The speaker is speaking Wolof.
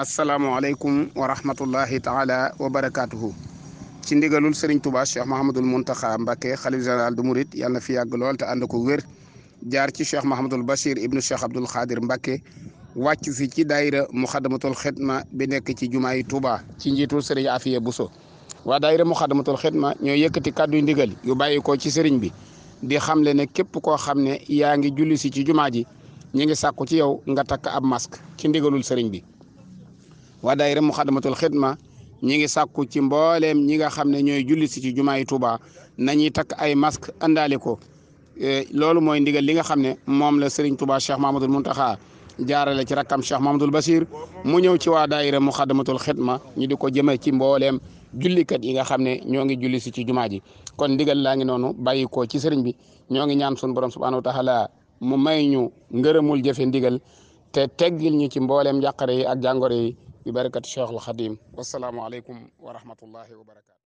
asalaamualeykum wa rahmatullahi taala wa barakaatuhu ci ndigalul Serigne Touba Cheikh Mahamadul Muntaxa Mbacke xalif général du Mouride yàlla na fi yàgg lool te ànd ko wér jaar ci Cheikh Mahamadul Bachir ibnu Cheikh Abdoul Khadir mbake wàcc fi ci daayira Muxadamatul Xidma bi nekk ci jumaa yi Touba ci njiitu Serigne Afiya Buso waa daayira Muxadamatul Xidma ñoo yëkkati kàddu ndigal yu bàyyi ko ci seriñ bi di le ne képp koo xam ne yaa ngi julli si ci jumaa ji ñu ngi sàkku ci yow nga takk ab masque ci ndigalul Serigne bi. waa daayira Muxaddamatul Xidma ñi ngi sàkku ci mbooleem ñi nga xam ne ñooy julli si ci jumaa yi Tuuba nañuy takk ay masque àndaale ko e, loolu mooy ndigal li nga xam ne moom la Serigne Touba Cheikh Mahmadul Muntaxa jaarale ci rakkam Cheikh Mahmadul Basir mu ñëw ci waa daayira Muxaddamatul Xidma ñu di ko jëmee ci mbooleem jullikat yi nga xam ne ñoo ngi julli si ci jumaa ji kon ndigal laa ngi noonu bàyyi ko ci sëriñ bi ñoo ngi ñaan sun borom subhaanahu wa taala mu may ñu ngërëmul jëfe ndigal te teggil ñu ci mbooleem njàqare yi ak jàngoro yi bi barakati Cheikhul Xadim wasalaamualeykum wa rahmatullahi wa barakaatu.